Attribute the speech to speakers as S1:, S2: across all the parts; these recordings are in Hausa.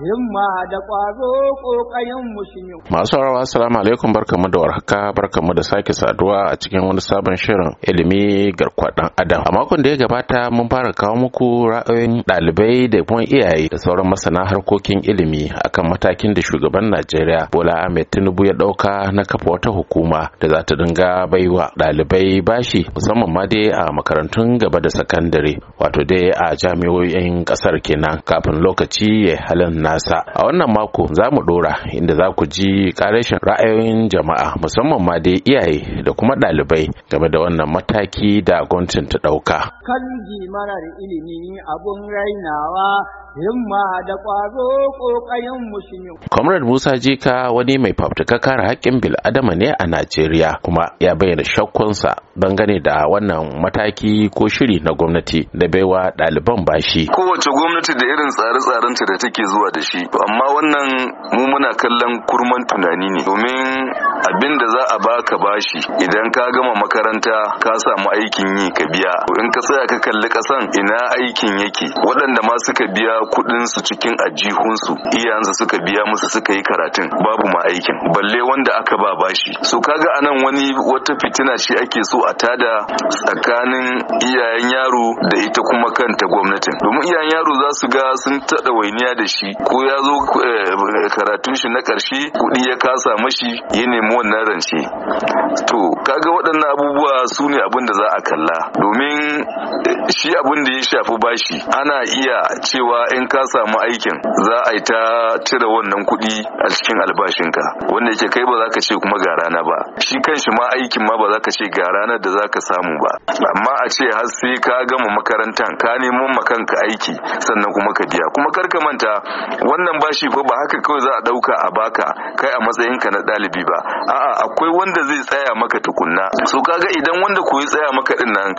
S1: himma da ƙwazo ƙoƙayen
S2: Masu rawa assalamu alaikum barkamu da warhaka barkamu da sake saduwa a cikin wani sabon shirin ilimi garkuwar adam. A makon da ya gabata mun fara kawo muku ra'ayoyin ɗalibai da kuma iyaye da sauran masana harkokin ilimi akan matakin da shugaban Najeriya Bola Ahmed Tinubu ya ɗauka na kafa wata hukuma da za ta dinga baiwa ɗalibai bashi musamman ma dai a makarantun gaba da sakandare wato dai a jami'o'in ƙasar kenan kafin lokaci ya halin na nasa a wannan mako za mu dora inda za ku ji karashin ra'ayoyin jama'a musamman ma dai iyaye da kuma ɗalibai game da wannan mataki da gwamnatin ta ɗauka
S1: kan marar ilimi abun rainawa himma da ƙwazo ƙoƙayen mushiyu.
S2: Comrade Musa Jika wani mai fafutuka kare haƙƙin bil'adama ne a Najeriya kuma ya bayyana shakkunsa dangane da wannan mataki ko shiri na gwamnati da baiwa ɗaliban bashi.
S3: Kowace gwamnati da irin tsare-tsarenta da take zuwa da da shi amma wannan mu muna kallon kurman tunani ne domin abin da za a baka bashi idan ka gama makaranta ka samu aikin yi ka biya in ka tsaya ka kalli kasan ina aikin yake waɗanda ma suka biya kuɗin su cikin ajihunsu iyayensu suka biya musu suka yi karatun babu ma aikin balle wanda aka ba bashi so kaga anan wani wata fitina shi ake so a tada tsakanin iyayen yaro da ita kuma kanta gwamnatin domin iyayen yaro za su ga sun taɗa wainiya da shi ko ya zo eh, karatun shi na ƙarshe kuɗi ya kasa mashi ya nemi wannan rance to kaga waɗannan abubuwa su ne abin da za a kalla domin eh, shi abin da ya shafi bashi ana iya cewa in ka samu aikin za a yi ta cire wannan kuɗi a cikin albashinka wanda yake kai ba za ka ce kuma ga rana ba shi kanshi ma aikin ma ba za ka ce ga rana da za ka samu ba amma a ce har sai ka gama makarantan ka nemo makanka aiki sannan kuma ka biya kuma kar ka manta wannan bashi fa ba haka kawai za a dauka a baka kai a matsayin ka na dalibi ba a'a akwai wanda zai tsaya maka tukunna so kaga idan wanda koyi tsaya maka din nan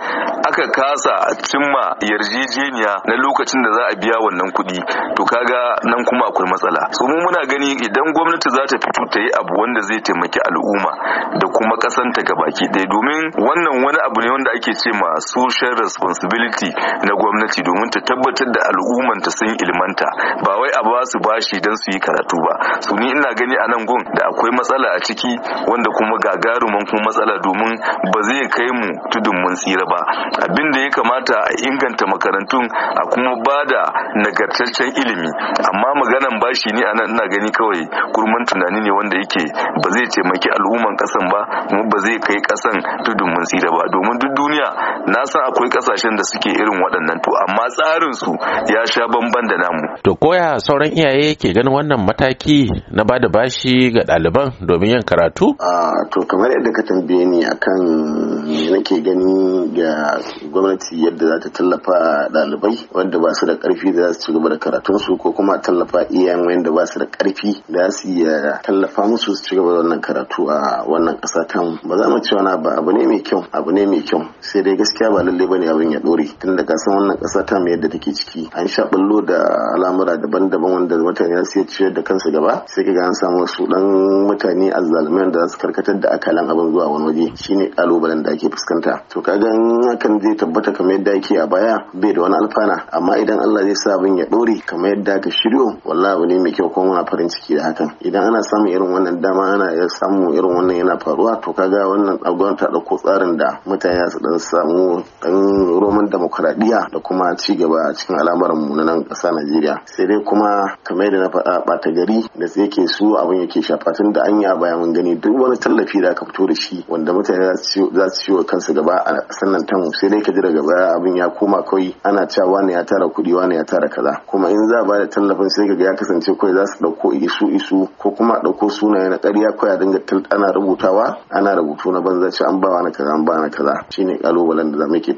S3: aka kasa cimma yarjejeniya na lokacin da za a biya wannan kuɗi to kaga nan kuma akwai matsala so mu muna gani idan gwamnati za ta fito ta yi abu wanda zai taimaki al'umma da kuma kasanta gabaki ɗaya domin wannan wani abu ne wanda ake ce ma social responsibility na gwamnati domin ta tabbatar da al'ummanta sun ilmanta ba wai ba su bashi don su yi karatu ba su ni ina gani a nan gun da akwai matsala a ciki wanda kuma gagaruman kuma matsala domin ba zai kai mu tudun mun tsira ba abin da ya kamata a inganta makarantun a kuma ba da nagartaccen ilimi amma maganan bashi ne a nan ina gani kawai kurman tunani ne wanda yake ba zai taimaki al'umman kasan ba kuma ba zai kai kasan tudun mun tsira ba domin duk duniya na san akwai kasashen da suke irin waɗannan to amma tsarin su ya sha bamban da namu
S2: to koya sauran iyaye ke ganin wannan mataki na bada bashi ga ɗaliban domin yin karatu?
S3: Ah, to kamar yadda ka tambaye ni
S4: akan nake gani ga gwamnati yadda za ta tallafa dalibai, wanda ba su da karfi da za su ci gaba da su, ko kuma tallafa iyayen wanda ba su da ƙarfi da su iya tallafa musu su ci gaba da wannan karatu a wannan kasa ta ba za mu ci wani ba abu ne mai kyau abu ne mai kyau sai dai gaskiya ba lallai bane abin ya dore tun da kasan wannan kasa ta yadda take ciki an sha bullo da al'amura daban-daban wanda mutane su iya ciyar da kansu gaba sai ka ga an samu su dan mutane azzalumai da za su karkatar da akalan abin zuwa wani waje shine ƙalubalen da ake ake fuskanta to kaga in hakan zai tabbata kamar yadda ake a baya bai da wani alfana amma idan Allah zai sa abin ya dore kamar yadda aka shiryo wallahi abu ne mai kyau kuma muna farin ciki da hakan idan ana samun irin wannan dama ana samu irin wannan yana faruwa to kaga wannan agwan ta dauko tsarin da mutane su dan samu dan roman demokradiya da kuma ci gaba a cikin al'amuran mu na nan ƙasa Najeriya sai dai kuma kamar yadda na faɗa ɓata gari da sai yake su abin yake shafa tun da an yi a baya mun gani duk wani tallafi da aka fito da shi wanda mutane za su wa kansa gaba a sannan tamu sai dai ka ji daga baya abin ya koma kawai ana cewa wani ya tara kuɗi wani ya tara kaza kuma in za a bada tallafin sai ka ga ya kasance kawai za su ɗauko isu isu ko kuma ɗauko sunaye na ƙarya kawai a dinga ana rubutawa ana rubutu na banza ce an bawa na kaza an bawa na kaza shine kalubalen da zamu ke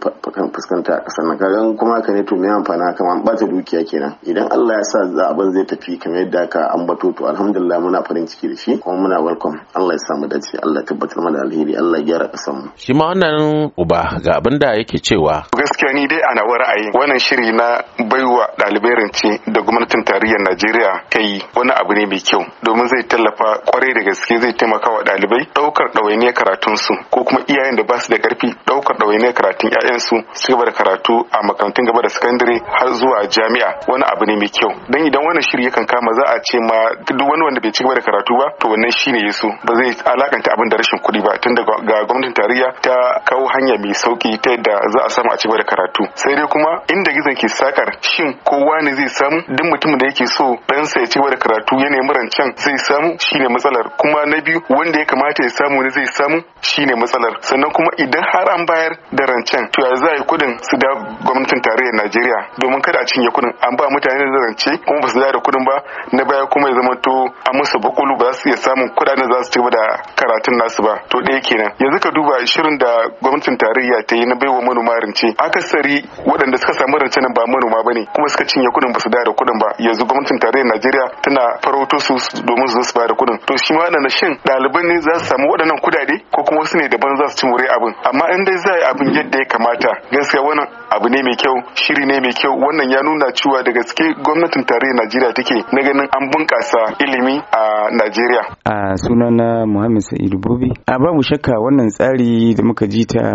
S4: fuskanta a ƙasar ka kaga kuma haka ne to me amfana haka an bata dukiya kenan idan Allah ya sa abin zai tafi kamar yadda aka ambato to alhamdulillah muna farin ciki da shi kuma muna welcome Allah ya samu dace Allah ya tabbatar mana alheri Allah ya gyara kasan
S2: mu kuma wannan uba ga abin da yake cewa
S4: gaskiya ni dai ana wa ra'ayin wannan
S5: shiri na baiwa ɗalibai rance da gwamnatin tarayyar Najeriya ta yi wani abu ne mai kyau domin zai tallafa kwarai da gaske zai taimaka wa ɗalibai ɗaukar ɗawainiyar karatun su ko kuma iyayen da ba su da ƙarfi ɗaukar ɗawainiyar karatun ƴaƴansu su gaba da karatu a makarantun gaba da sakandare har zuwa jami'a wani abu ne mai kyau don idan wannan shiri yakan kama za a ce ma duk wani wanda bai ci gaba da karatu ba to wannan shine yaso ba zai alakanta abin da rashin kuɗi ba tunda ga gwamnatin tarayya ta ta kawo hanya mai sauki ta yadda za a samu a cigaba da karatu sai dai kuma inda gizon ke sakar shin kowa ne zai samu duk mutumin da yake so ɗansa ya cigaba da karatu yana rancen zai samu shine matsalar kuma na biyu wanda ya kamata ya samu ne zai samu shine matsalar sannan kuma idan har an bayar da rancen to ya za a yi kudin su da gwamnatin tarayyar Najeriya domin kada a cinye kudin an ba mutane da rance kuma ba su da kudin ba na baya kuma ya zama to a musu bakulu ba za su iya samun kudaden za su cigaba da karatun nasu ba to ɗaya kenan yanzu ka duba shirin da gwamnatin tarayya ta yi na baiwa manoma rance akasari waɗanda suka samu rance nan ba manoma ba ne kuma suka cinye kuɗin ba su da kuɗin ba yanzu gwamnatin tarayyar Najeriya tana farauto su domin su su ba kuɗin to shi ma wannan shin ɗaliban ne za su samu waɗannan kudade ko kuma wasu ne daban za su ci wuri abin amma in dai za a yi abin yadda ya kamata gaskiya wannan abu ne mai kyau shiri ne mai kyau wannan ya nuna cewa da gaske gwamnatin tarayyar Najeriya take na ganin an bunƙasa ilimi a Najeriya
S1: a sunana Muhammad Sa'idu Bobi a babu shakka wannan tsari da da muka ji ta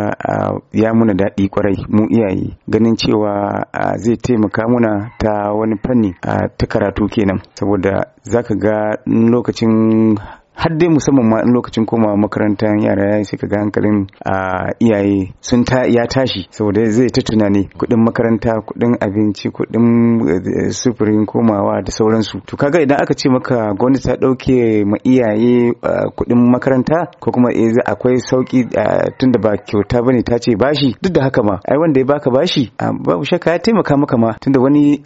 S1: ya muna daɗi kwarai mu iyaye ganin cewa zai taimaka muna ta wani fanni ta karatu kenan saboda zaka ga lokacin har dai musamman ma in lokacin komawa makarantar yara yayi sai ga hankalin a iyaye sun ta ya tashi saboda zai ta tunani kuɗin makaranta kuɗin abinci kuɗin eh, sufurin komawa da sauransu to kaga idan aka ce maka gwamnati ta ɗauke ma iyaye kuɗin makaranta ko kuma eh, akwai sauki tunda ba kyauta bane ta ce bashi duk da haka ma ai wanda ya baka bashi babu shakka ya taimaka maka ma tunda wani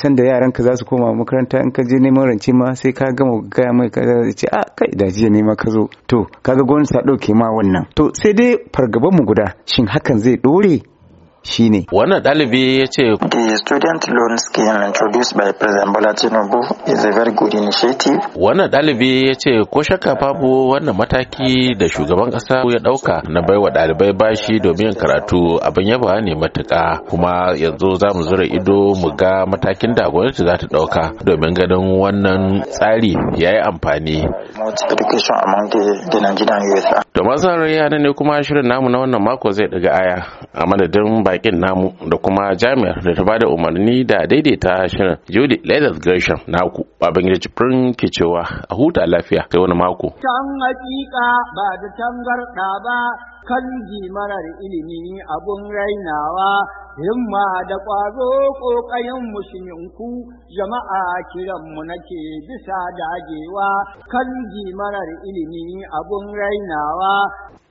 S1: sanda yaran ka za su koma makaranta in ka je neman rance ma sai ka gama gaya mai ka ce a ah, kai da jiya ne ma ka zo to kaga gwamnati ta dauke ma wannan to sai dai fargaban mu guda shin hakan zai ɗore shine
S2: wannan ɗalibi ya ce
S1: the student loan scheme introduced by president Bola Tinubu is a very good initiative
S2: wannan ɗalibi ya ce ko shakka babu wannan mataki da shugaban ƙasa ya ɗauka na baiwa ɗalibai bashi domin karatu abin yaba ne matuƙa kuma yanzu za mu zura ido mu ga matakin da gwamnati za ta ɗauka domin ganin wannan tsari ya yi amfani da masarar yana ne kuma shirin namu na wannan mako zai ɗaga aya a madadin ba bakin namu da kuma jami'ar da ta bada umarni da daidaita shirin Judy Leather Gershon naku Babangida Jibrin ke cewa a huta lafiya sai wani mako.
S1: Can hakika ba da tangarɗa ba kan marar ilimi abun rainawa himma da ƙwazo ƙoƙarin musulminku jama'a kiranmu nake bisa dagewa kan marar ilimi abun rainawa